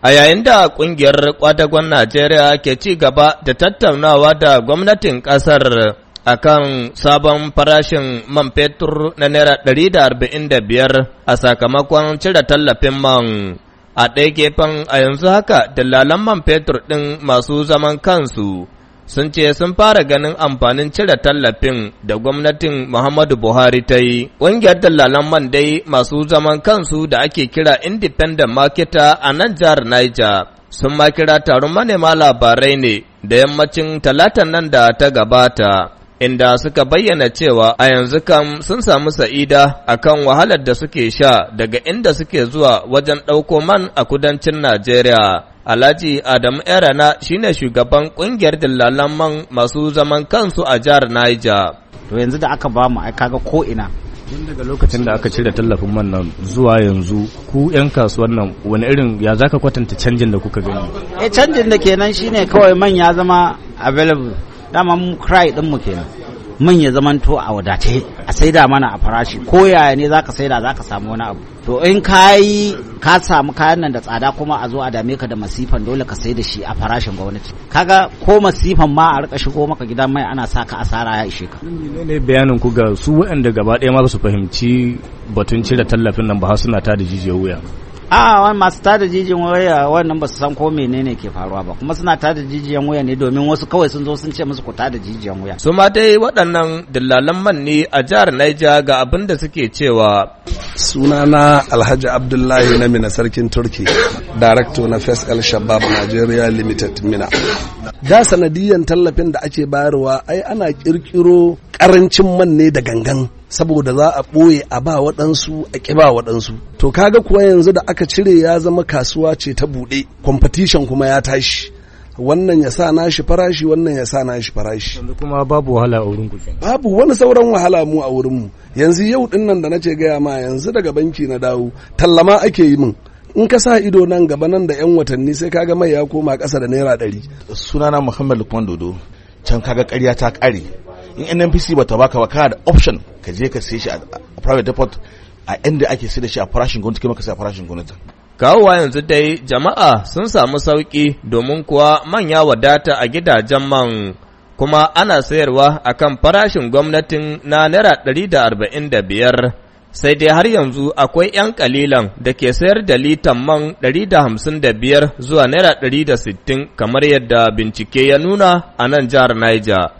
A yayin da ƙungiyar ƙwadagon Najeriya ke ci gaba da tattaunawa da gwamnatin ƙasar a kan sabon farashin man fetur na Naira ɗari da arba'in da biyar a sakamakon cire tallafin man. A ɗaya gefen a yanzu haka dalalan man fetur ɗin masu zaman kansu sun ce sun fara ganin amfanin cire tallafin da gwamnatin Muhammadu Buhari ta yi. Ƙungiyar dalalan man dai masu zaman kansu da ake kira Independent Marketer a nan jihar Niger sun ma kira taron manema labarai ne da yammacin Talata nan da ta gabata. Inda suka bayyana cewa a yanzu kam sun samu sa'ida a kan wahalar da suke sha daga inda suke zuwa wajen ɗauko man a kudancin Najeriya. Alhaji Adam Erana shi ne shugaban kungiyar dillalan man masu zaman kansu a jihar Naija. To yanzu da aka ba mu ai kaga ko ina tun daga lokacin da aka cire tallafin man nan zuwa yanzu ku 'yan kasuwan nan wani irin ya zaka kwatanta canjin da kuka gani eh canjin da kenan shine kawai man ya zama available dama mu cry din mu kenan man ya zama to a wadace a saida mana a farashi ko yaya ne zaka saida zaka samu wani abu to in kayi ka samu kayan nan da tsada kuma a zo a dame ka da masifan dole ka sai da shi a farashin gwamnati kaga ko masifan ma a rika shigo maka gidan mai ana sa ka asara ya ishe ka ne bayanin ku ga su waɗanda gaba ɗaya ma su fahimci batun cire tallafin nan ba har suna ta da jijiyar wuya a ah, wani masu tada jijiyan waya wannan ba su san ko menene ke faruwa ba kuma suna tada jijiyan waya ne domin wasu kawai sun zo sun ce musu ku tada jijiyan waya su ma dai waɗannan dillalan man ne a jihar Niger ga abin da suke cewa sunana Alhaji Abdullahi na Mina sarkin Turki director na First El Shabab Nigeria Limited Mina da sanadiyan tallafin da ake bayarwa ai ana kirkiro karancin man ne da gangan saboda za a ɓoye a ba waɗansu a ƙi ba waɗansu to kaga kuwa yanzu da aka cire ya zama kasuwa ce ta buɗe competition kuma ya tashi wannan ya sa nashi farashi wannan ya sa nashi farashi yanzu kuma babu wahala a wurin kuke babu wani sauran wahala mu a wurin mu yanzu yau din nan da nace gaya ma yanzu daga banki na dawo tallama ake yi min in ka sa ido nan gaba nan da yan watanni sai kaga mai ya koma ƙasa da naira ɗari sunana muhammad lukman dodo can kaga ƙarya ta ƙare in nnpc ba ta baka ba kana da option ka je ka sai shi a private depot a inda ake sai da shi a farashin gwamnati kuma ka sai a farashin gwamnati kawowa yanzu dai jama'a sun samu sauƙi domin kuwa manya wadata a gidajen man kuma ana sayarwa a kan farashin gwamnatin na naira 145 da arba'in da biyar sai dai har yanzu akwai 'yan kalilan da ke sayar da litan man 155 zuwa naira 160 kamar yadda bincike ya nuna a nan jihar Niger.